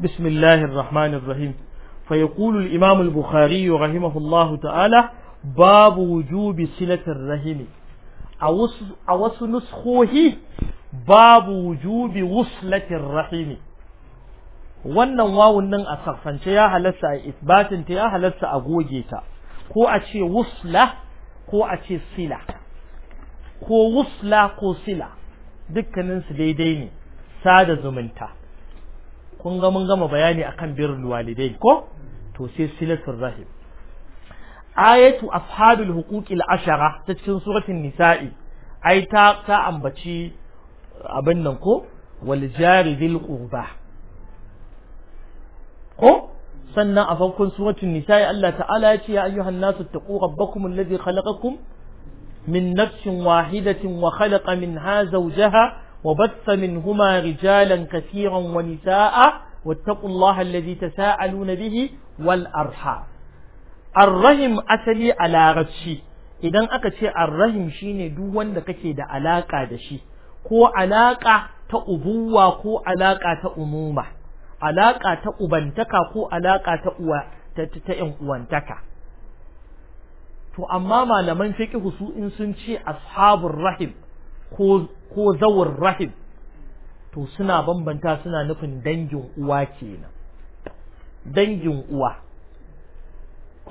بسم الله الرحمن الرحيم فيقول الإمام البخاري رحمه الله تعالى باب وجوب صلة الرحم أوس نسخه باب وجوب وصلة الرحم wannan wawun nan a sarfance ya halarta a isbatin ta ya halarta a goge ta ko a ce wusla ko a ce sila ko wusla ko sila dukkaninsu daidai ne sada zumunta kun ga mun gama bayani akan birrul walidai ko to sai silatul rahim ayatu ashabil huquqil ashara ta cikin suratul nisa'i ai ta ta ambaci abin nan ko wal jari dhil qurba ko sannan a farkon suratul nisa'i Allah ta'ala ya ce ya ayyuhan nasu taqu rabbakum alladhi khalaqakum min nafsin wahidatin wa khalaqa minha zawjaha وبث منهما رجالا كثيرا ونساء واتقوا الله الذي تساءلون به والأرحام الرحم أسلي على رجشي idan aka ce arrahim shine duk wanda kake da alaƙa da shi ko alaƙa ta ubuwa ko alaka ta umuma Alaƙa ta ubantaka ko alaka ta uwa yan uwantaka to amma malaman fiqh su in sun ci ashabur rahim ko zawar rahim to suna bambanta suna nufin dangin uwa kenan dangin uwa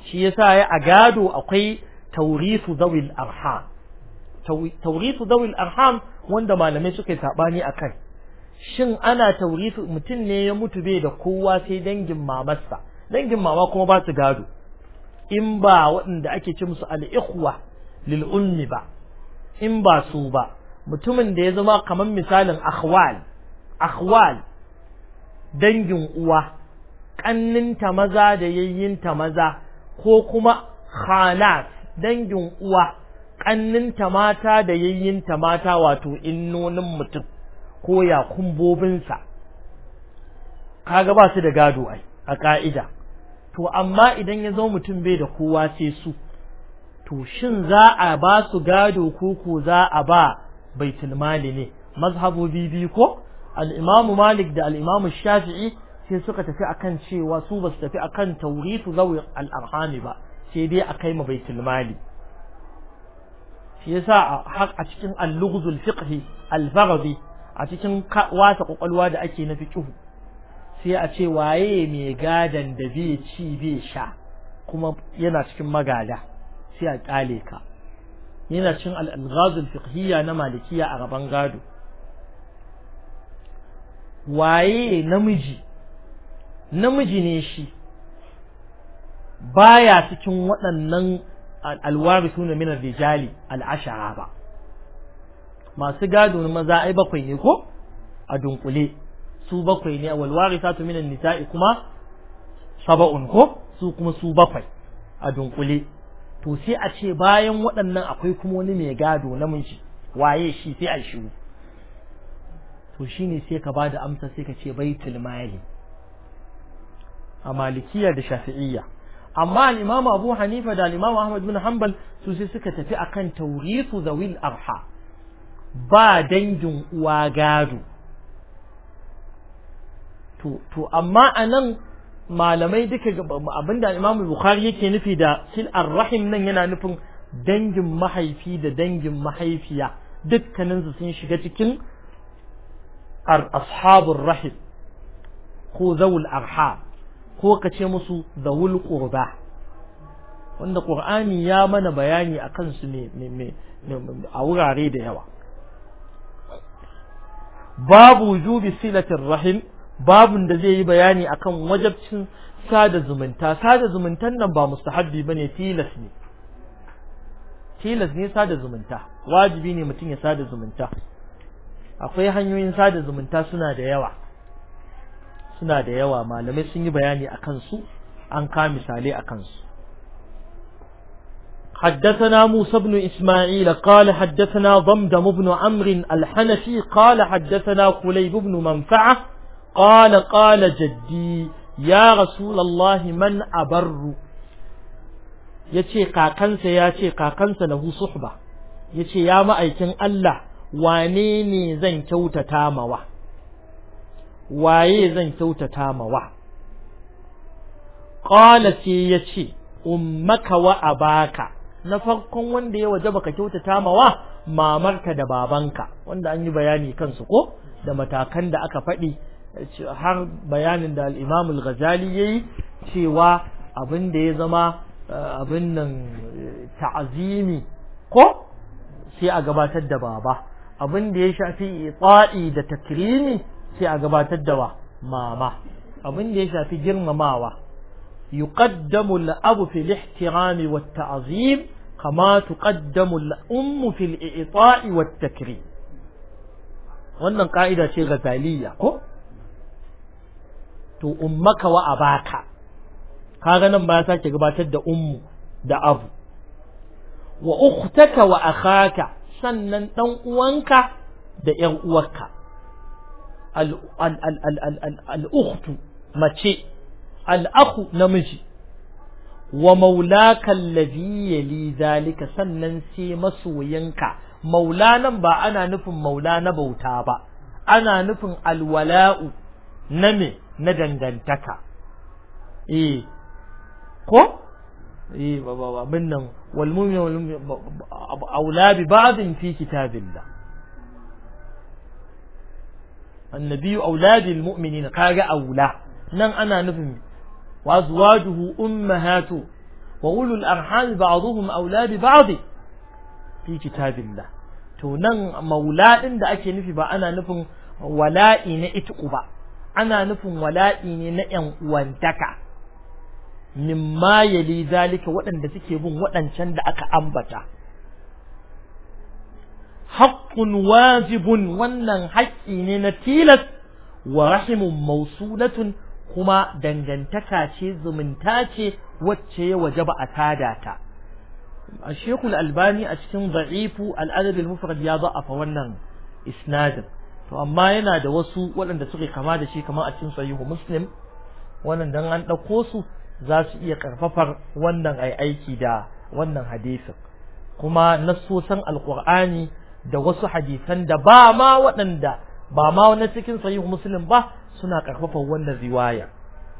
shi yasa ya a gado akwai taurisu zawil arham taurisu zawil arham wanda malamai suka yi sabani akan shin ana taurisu mutum ne ya mutu bai da kowa sai dangin mamarsa dangin mama kuma ba su gado in ba waɗanda ake ce musu al'ikhwa lil ummi ba in ba su ba mutumin da ya zama kamar misalin akhwal akhwal dangin uwa ƙanninta maza da yayyinta maza ko kuma khalat dangin uwa ƙanninta mata da yayyinta mata wato innonin mutum ko ya kumbobinsa kaga ba su da gado ai a ka'ida to amma idan ya zama mutum bai da kowa sai su to shin za a ba su gado ko ko za a ba baitul mali ne mazhabobi biyu ko al-imamu malik da al-imamu shafi'i sai suka tafi akan cewa su basu tafi akan tawritu zawi al-arhami ba sai dai a kai ma baitul mali shi yasa a cikin al-lughzul fiqhi al a cikin wata kwakwalwa da ake na fiqhu sai a ce waye mai gadan da bai ci bai sha kuma yana cikin magada sai a kyale ka yana cin al-alghazul na malikiya a gaban gado waye namiji namiji ne shi baya cikin waɗannan alwari suna minan rijali al'ashara ba masu gado na maza ai bakwai ne ko a dunkule su bakwai ne a walwari min an-nisa'i kuma saba'un ko su kuma su bakwai a dunkule to sai a ce bayan waɗannan akwai kuma wani mai gado na munshi waye shi sai a shi to shi ne sai ka ba da amsa sai ka ce baitul mali a malikiya da shafi'iyya amma al-imamu abu hanifa da al ahmad bin hanbal su sai suka tafi akan tawrithu zawil arha ba dangin uwa gado to to amma anan malamai duka abinda Imam Bukhari yake nufi da sil arrahim nan yana nufin dangin mahaifi da dangin mahaifiya dukkanin su sun shiga cikin ashabur rahim ko zawul arha ko ka ce musu zawul qurba wanda Qur'ani ya mana bayani akan su ne a wurare da yawa babu wujubi silatir rahim babun da zai yi bayani akan wajabcin sada zumunta sada zumuntan nan ba mustahabbi bane tilas ne tilas ne sada zumunta wajibi ne mutum ya sada zumunta akwai hanyoyin sada zumunta suna da yawa suna da yawa malamai sun yi bayani akan su an ka misali akan su حدثنا موسى بن إسماعيل قال حدثنا ضمدم بن عمر الحنفي قال حدثنا كليب بن منفعه قال قال جدي يا رسول الله من أبر yace kakansa ya ce kakansa lahu suhba yace ya ma'aikin Allah wane ne zan kyautata mawa waye zan kyautata mawa qala sai yace ummaka wa abaka na farkon wanda ya waje baka kyautata mawa mamarka da babanka wanda an yi bayani kansu ko da matakan da aka faɗi har bayanin da al-Imam ya yi cewa abin da ya zama eh, abin nan eh, ta'azimi ko sai a gabatar da baba abin da ya shafi itsa'i da takrimi sai a gabatar da wa mama abin da ya shafi girmamawa yuqaddamu al-abu fi ihtirami wat-ta'zim kama tu ƙaddamu ummu fi al-i'ta'i wat-takrim wannan ka'ida ce ghazaliya ko to ummaka wa abaka kaga nan ba sake gabatar da ummu da abu wa ukhtaka wa akhaka sannan dan uwanka da yan uwarka al al al al al ukhtu mace al akhu namiji wa maulaka alladhi yali zalika sannan sai masoyanka nan ba ana nufin maula na bauta ba ana nufin alwala'u na me na dangantaka eh ko eh abin nan wal mu'min wal aula bi ba'din fi kitabillah annabi auladil mu'minin kaga aula nan ana nufin wa azwajuhu ummahatu wa ulul arham ba'dhum aula bi ba'd fi kitabillah to nan maula din da ake nufi ba ana nufin wala'i na itqu ba ana nufin wala'i ne na ‘yan uwantaka, mimma yali zalika waɗanda suke bin waɗancan da aka ambata. Haƙƙun wajibun wannan haƙƙi ne na tilas wa rahimun mausulatun kuma dangantaka ce zumunta ce wacce ya waje ba a tada ta. Shekul Albani a cikin za'ifu al'adabin mufrad ya za'afa wannan isnadin. to amma yana da wasu waɗanda suke kama da shi kamar a cikin sahihu muslim wannan dan an ɗauko su za su iya karfafar wannan ai aiki da wannan hadisin kuma nassosan alqur'ani da wasu hadisan da ba ma waɗanda ba ma wani cikin sahihu muslim ba suna karfafar wannan riwaya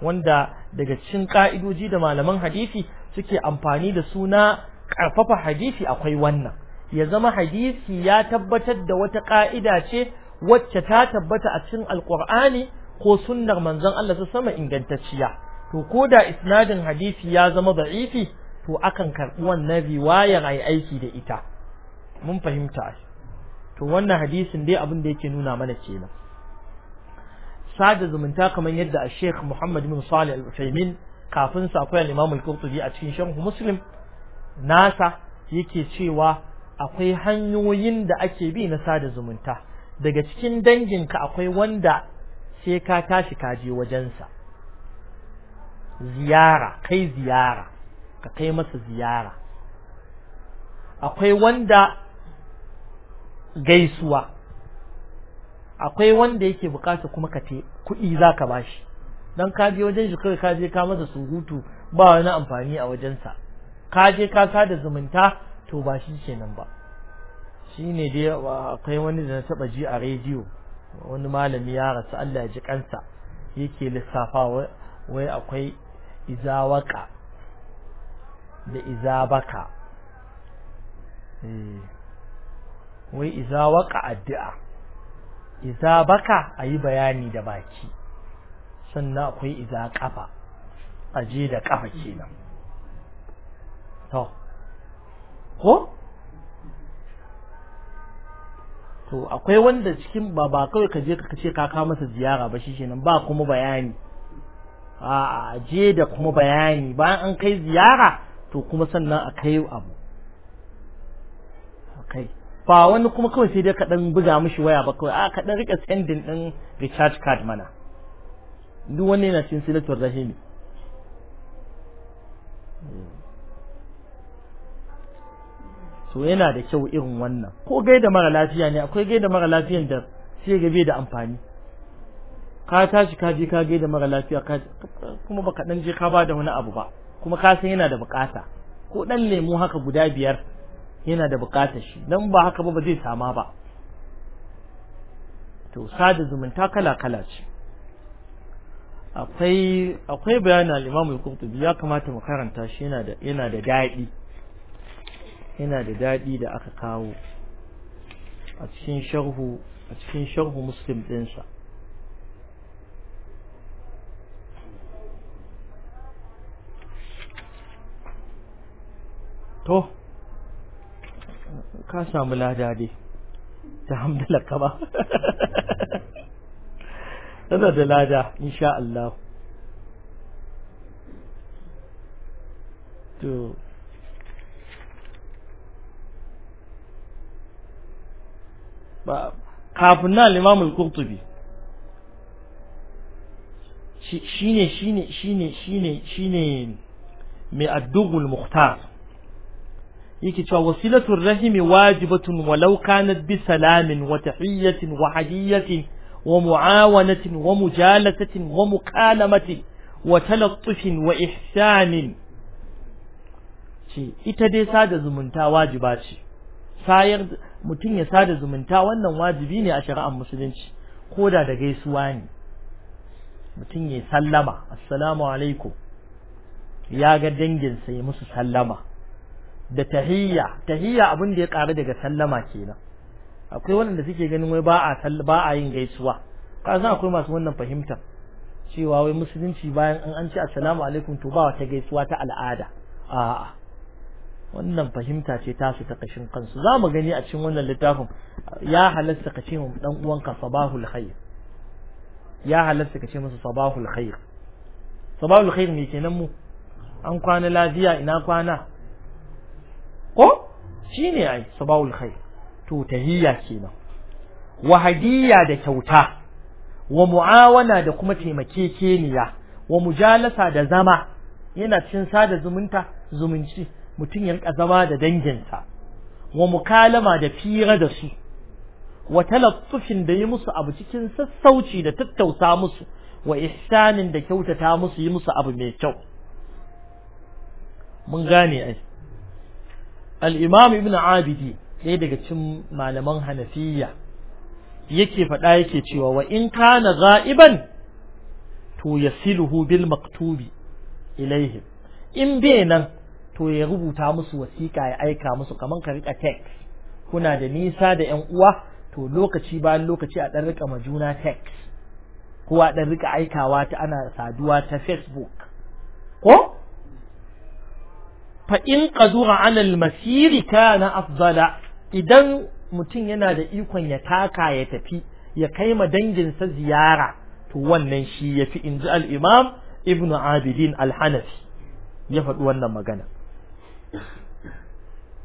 wanda daga cikin ka'idoji da malaman hadisi suke amfani da suna karfafa hadisi akwai wannan ya zama hadisi ya tabbatar da wata ka'ida ce wacce ta tabbata a cikin alqur'ani ko sunnar manzon Allah ta sama ingantacciya to ko da isnadin hadisi ya zama da'ifi to akan karbi wannan riwayar ai aiki da ita mun fahimta to wannan hadisin dai abin da yake nuna mana kenan sada zumunta kamar yadda a Sheikh Muhammad bin Salih Al-Utsaimin kafin sa akwai al-Imam Al-Qurtubi a cikin Sharh Muslim nasa yake cewa akwai hanyoyin da ake bi na sada zumunta daga cikin danginka akwai wanda sai ka tashi ka je wajensa ziyara kai ziyara ka kai masa ziyara akwai wanda gaisuwa akwai wanda yake bukata kuma ka te kuɗi za ka bashi don ka je wajen shi kawai ka je ka masa surutu ba wani amfani a wajensa ka je ka sada zumunta to ba shi kenan ba shine dai akwai wani da na taba ji a rediyo wani malami ya rasu Allah ya ji kansa yake lissafa wai akwai izawaka da izabaka eh, wai izawaka addu'a izabaka ayi bayani da baki sannan akwai iza kafa aje da kafa kenan to ko to akwai wanda cikin ba ba kawai ka je ka ce ka kawo masa ziyara ba shikenan ba kuma bayani a je da kuma bayani bayan an kai ziyara to kuma sannan a kai abu kai ba wani kuma kawai sai dai ka dan buga mishi waya ba kawai a ka dan rika sending din recharge card mana duk wani yana cikin silatul rahimi hmm. To yana da kyau irin wannan ko gaida mara lafiya ne akwai gaida mara lafiyan da sai gabe da amfani ka tashi ka je ka gaida mara lafiya ka kuma baka dan je ka bada wani abu ba kuma ka san yana da bukata ko dan lemu haka guda biyar yana da bukatar shi dan ba haka ba ba zai sama ba to sada zumunta kala kala ce akwai akwai bayanin al-Imam al-Qurtubi ya kamata mu karanta shi yana da yana da dadi yana da daɗi da aka kawo a cikin sharhu a cikin sharhu muslim sa to ka samu lada dai ta hamdalaka ba tana da lada insha Allah to kafin nan al al-Qurtubi shine shine shine shine shine mai addu'ul muhtar yake cewa wasilatul rahimi wajibatun walau kanat bi salamin wa tahiyatin wa hadiyatin wa mu'awanatin wa mujalasatin wa muqalamatin wa talattufin wa ihsanin ita dai sada zumunta wajiba ce sayar mutum ya sada zumunta wannan wajibi ne a shari'ar musulunci koda da da gaisuwa ne mutum ya sallama assalamu alaikum ya ga dangin ya musu sallama da tahiyya tahiyya abin da ya karu daga sallama kenan akwai waɗanda suke ganin wai ba a yin gaisuwa kasan akwai masu wannan fahimtar cewa wai musulunci bayan an an ce assalamu alaikum to ba wata gaisuwa ta al'ada a'a wannan fahimta ce tasu ta kashin kansu za mu gani a cikin wannan littafin ya halatta ka ce dan uwanka sabahul khair ya halatta ka ce masa sabahul khair sabahul khair me kenan mu an kwana lafiya ina kwana ko shine ai sabahul khair to tahiyya kenan wa hadiyya da kyauta wa mu'awana da kuma taimakekeniya wa mujalasa da zama yana cin sada zumunta zumunci mutum ya zama da danginsa wa mukalama da fira da su wa talaffufin da yi musu abu cikin sassauci da tattausa musu wa ihsanin da kyautata musu yi musu abu mai kyau mun gane ai al-imam ibn abidi ɗaya daga cikin malaman hanafiya yake faɗa yake cewa wa in kana za'iban to yasiluhu bil maktubi ilaihim in bai nan to ya rubuta musu wasiƙa ya aika musu kamar ka rika text kuna da nisa da ƴan uwa to lokaci bayan lokaci a ɗan rika ma juna text ko a dan rika aikawa ta ana saduwa ta Facebook ko fa in qadura ala al-masir kana afdala idan mutum yana da ikon ya taka ya tafi ya kai ma danginsa ziyara to wannan shi yafi inji al-imam ibnu abidin al-hanafi ya faɗi wannan magana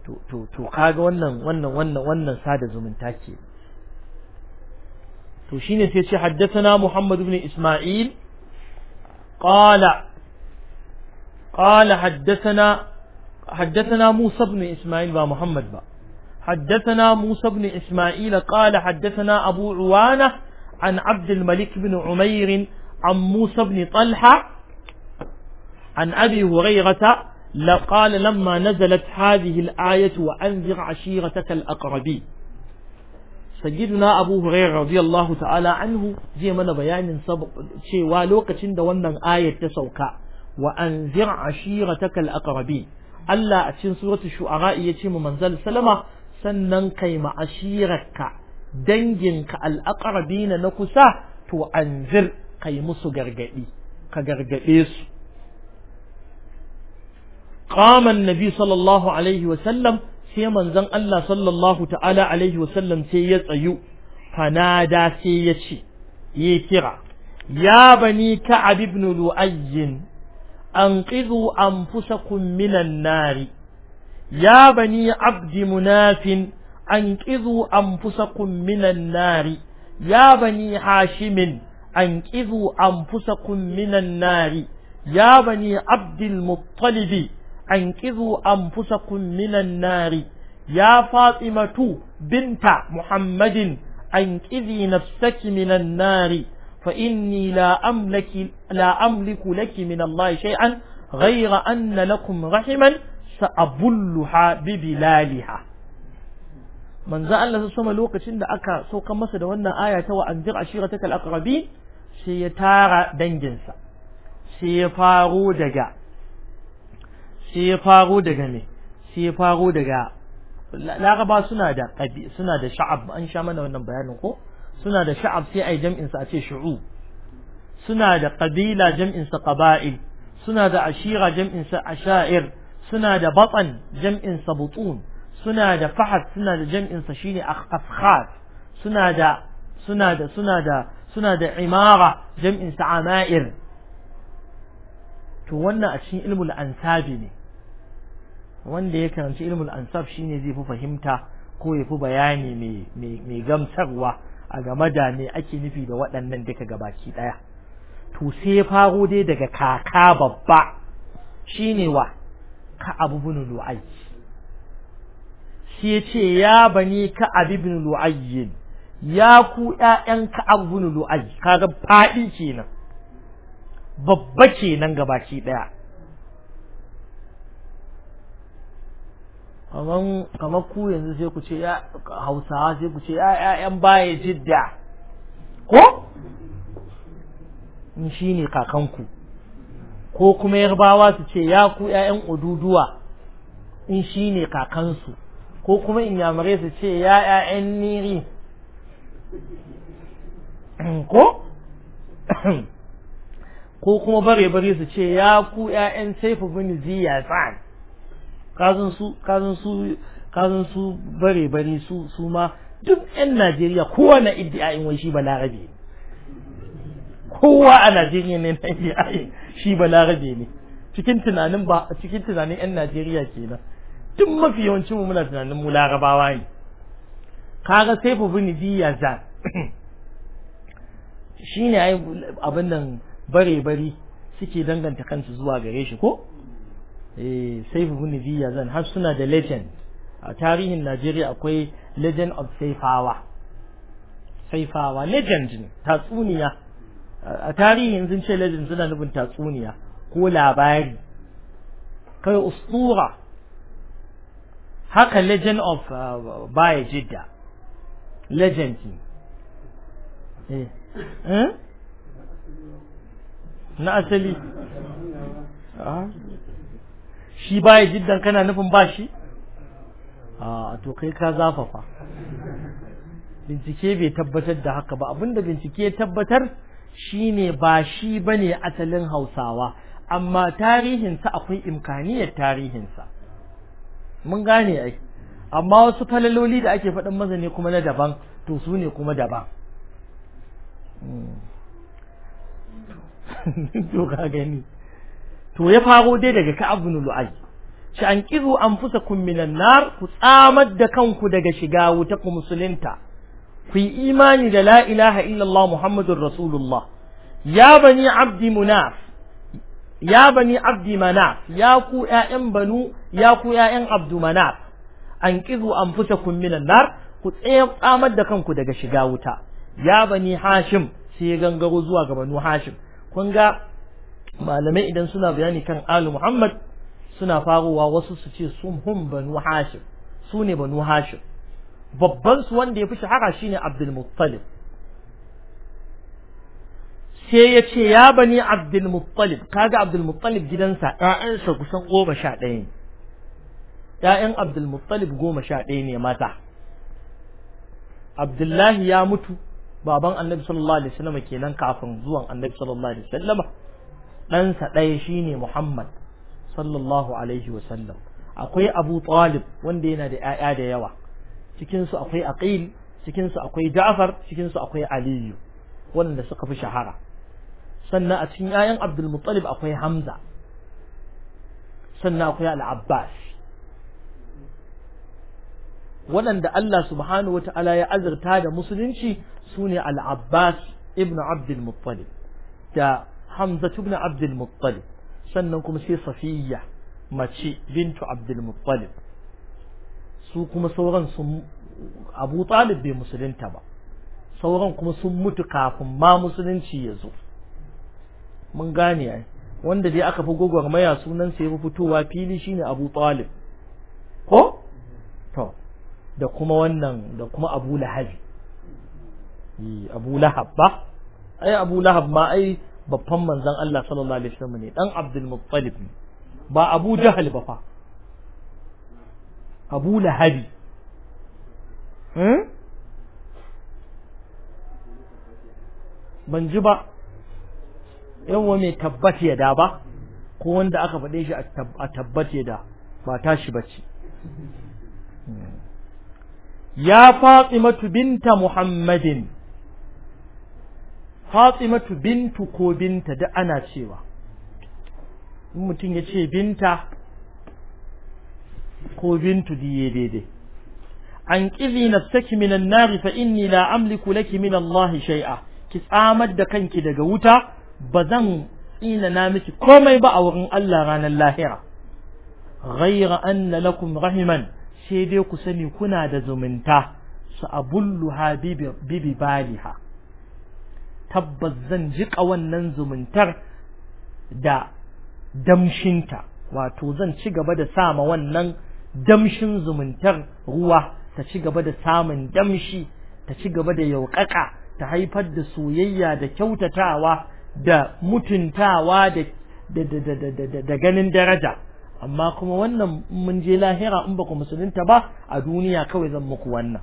to to kaga wannan wannan wannan wannan sada zumunta ce to shine sai ce haddathana Muhammad ibn Isma'il qala qala haddathana haddathana Isma'il ba Muhammad ba حدثنا موسى بن إسماعيل قال حدثنا أبو عوانة عن عبد الملك بن عمير عن موسى بن طلحة عن أبي هريرة قال لما نزلت هذه الآية وأنذر عشيرتك الأقربين سيدنا أبو هريرة رضي الله تعالى عنه زي من بيان سبق شيء ولوك تند ونن آية تسوكا وأنذر عشيرتك الأقربين ألا أتشن سورة الشعراء يتم منزل سلمة سنن كيم عشيرك دنجنك الأقربين نكسا تؤنذر كيمس غرغئي كغرغئيسو qaman nabi sallallahu alaihi wasallam sai manzon Allah sallallahu ta'ala alaihi sallam, sai ya tsayu fanada sai ya ce yi kira ya bani ka'ab ibn lu'ayy anqidhu anfusakum minan nari ya bani abd munafin anqidhu anfusakum minan nari ya bani hashimin anqidhu anfusakum minan nari ya bani abd al-muttalib an anfusakum minan nari ya fatimatu binta muhammadin anqidhi nafsaki minan nari fa inni la la amliku laki min allahi shay'an ghayra anna lakum rahiman sa'abulluha bi bilaliha manzo Allah sai sama lokacin da aka sauka masa da wannan aya ta wa anzir ashiratakal aqrabin sai ya tara danginsa sai ya faro daga sai ya faro daga me sai ya faro daga laraba suna da qabi suna da sha'ab an sha mana wannan bayanin ko suna da sha'ab sai ai jam'in sa a ce shu'ub suna da qabila jam'in sa qaba'il suna da ashira jam'in sa asha'ir suna da batan jam'in sa butun suna da fahad suna da jam'in sa shine afkhat suna da suna da suna da suna da imara jam'in sa ama'ir to wannan a cikin ilmul ansabi ne wanda ya karanci ilmul ansab shine zai fi fahimta ko ya fi bayani mai gamsarwa a game da me ake nufi da waɗannan duka gabaki ɗaya to sai ya faro dai daga kaka babba shine wa ka abu bin lu'ayy shi ya ce ya bani ka abu bin lu'ayyin ya ku ƴaƴan ka abu bin lu'ayy kaga faɗi kenan babba kenan gabaki ɗaya kamar ku yanzu sai ku ce ya hausawa sai ku ce ya baya jidda ko in shine kakanku ko kuma yarbawa su ce ya ku ƴaƴan ududuwa in shine kakansu ko kuma in yamare su ce ya ƴaƴan niri ko ko kuma bare bare su ce ya ku ƴaƴan saifu bin ziya tsan kazan su kazan su su bare bare su su ma duk yan Najeriya kowa na iddiayin wai shi balarabe kowa a Najeriya ne na iddiayin shi balarabe ne cikin tunanin ba cikin tunanin yan Najeriya kenan duk mafi yawancin mu muna tunanin mu larabawa ne kaga sai ni di ya za shine ai abin nan bare bari suke danganta kansu zuwa gare shi ko Eh, Saifu Saif ibn zan har suna da legend a tarihin Najeriya akwai legend of Saifawa Saifawa legend ne tatsuniya a tarihin sun ce legend suna nufin tatsuniya ko labari kai ustura haka legend of uh, baya jidda legend ne eh, eh? na asali ah? shi baya jiddan kana nufin ba shi a to kai ka zafafa bincike bai tabbatar da haka ba abinda bincike ya tabbatar shine ba shi bane asalin hausawa amma tarihinsa akwai imkaniyar tarihinsa mun gane ai amma wasu falaloli da ake faɗin maza ne kuma na daban to su ne kuma daban hmm. to ka gani to ya faro dai daga Ka'ab ibn shi an kizu anfusakum minan nar ku tsamar da kanku daga shiga wuta ku musulunta ku yi imani da la ilaha illallah muhammadur rasulullah ya bani abdi munaf ya bani abdi manaf ya ku yayan banu ya ku ƴaƴan abdu manaf an kizu anfusakum minan nar ku tsamar da kanku daga shiga wuta ya bani hashim sai ya gangaro zuwa ga banu hashim kun ga malamai idan suna bayani kan alu muhammad suna faruwa wasu su ce sun hun banu hashim su ne banu hashim babban su wanda ya fi shahara shine abdul muttalib sai ya ce ya bani abdul muttalib kaga abdul muttalib gidansa ƴaƴansa kusan goma sha ɗaya ne ƴaƴan abdul muttalib goma sha ɗaya ne mata abdullahi ya mutu baban annabi sallallahu alaihi wasallam kenan kafin zuwan annabi sallallahu alaihi wasallam ɗansa ɗaya shi ne Muhammad sallallahu alaihi wasallam akwai Abu Talib wanda yana da ƴaƴa da yawa cikin akwai Aqil cikin akwai Ja'far cikin akwai Aliyu. wanda suka fi shahara sannan a cikin ƴaƴan Abdul Muttalib akwai Hamza sannan akwai Al-Abbas waɗanda Allah subhanahu ta'ala ya azurta da musulunci sune Al-Abbas ibn Abdul Muttalib da hamza ibn abdul muttalib sannan kuma sai safiya mace bintu abdul muttalib su kuma sauran sun abu talib bai musulunta ba sauran kuma sun mutu kafin ma musulunci ya zo mun gane ai wanda dai aka fi gwagwarmaya sunan sai ya fitowa fili shine abu talib ko to da kuma wannan da kuma abu lahabi abu lahab ba ai abu lahab ma ai babban manzan Allah sallallahu alaihi wasallam ne dan Abdul Muttalib ba Abu Jahal ba fa Abu Lahabi hmm? ban ji ba yawa mai tabbace da ba ko wanda aka faɗe shi a tabbace da ba tashi ce. Hmm. ya Fatimatu binta Muhammadin fatimatu bintu ko binta da ana cewa in mutum ya ce binta ko bintu diye daidai an ƙizi nafsaki minan nari fa inni la amliku laki min Allah shai'a. ki tsamar da kanki daga wuta ba zan tsina na miki komai ba a wurin Allah ranar lahira Raira, anna lakum rahiman sai dai ku sani kuna da zumunta su abullu bibi baliha tabbas zan jiƙa wannan zumuntar da damshinta wato zan ci gaba da sama wannan damshin zumuntar ruwa ta ci gaba da samun damshi ta ci gaba da yauƙaƙa ta haifar da soyayya da kyautatawa da mutuntawa da ganin daraja amma kuma wannan mun je lahira in ba ku musulunta ba a duniya kawai zan muku wannan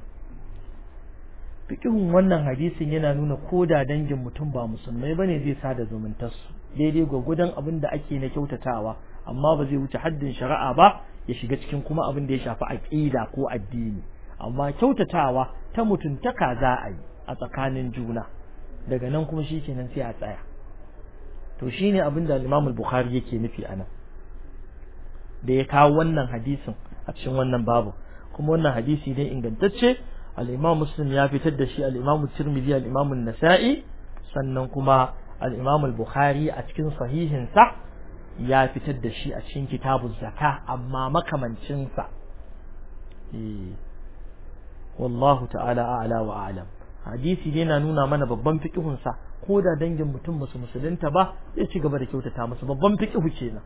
fiqhun wannan hadisin yana nuna ko da dangin mutum ba musulmai ba ne zai sada da zumuntarsu daidai gwagwadon abin da ake na kyautatawa amma ba zai wuce haddin shari'a ba ya shiga cikin kuma abin da ya shafi aƙida ko addini amma kyautatawa ta mutuntaka za a yi a tsakanin juna daga nan kuma shikenan sai a tsaya to shine abin da limamul Bukhari yake nufi a nan da ya kawo wannan hadisin a cikin wannan babu kuma wannan hadisi dai ingantacce al muslim ya fitar da shi al-imam tirmidhi al nasai sannan kuma al bukhari a cikin sahihinsa ya fitar da shi a cikin kitabun zakah amma makamancinsa. Eh, wallahu ta'ala a'la wa a'lam hadisi yana nuna mana babban fiƙihunsa, ko da dangin mutum musu musulunta ba ya ci gaba da kyautata musu babban fiqihu kenan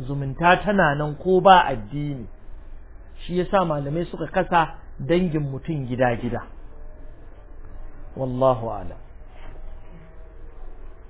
zumunta tana nan ko ba addini shi yasa malamai suka kasa dangin mutum gida-gida wallahu alam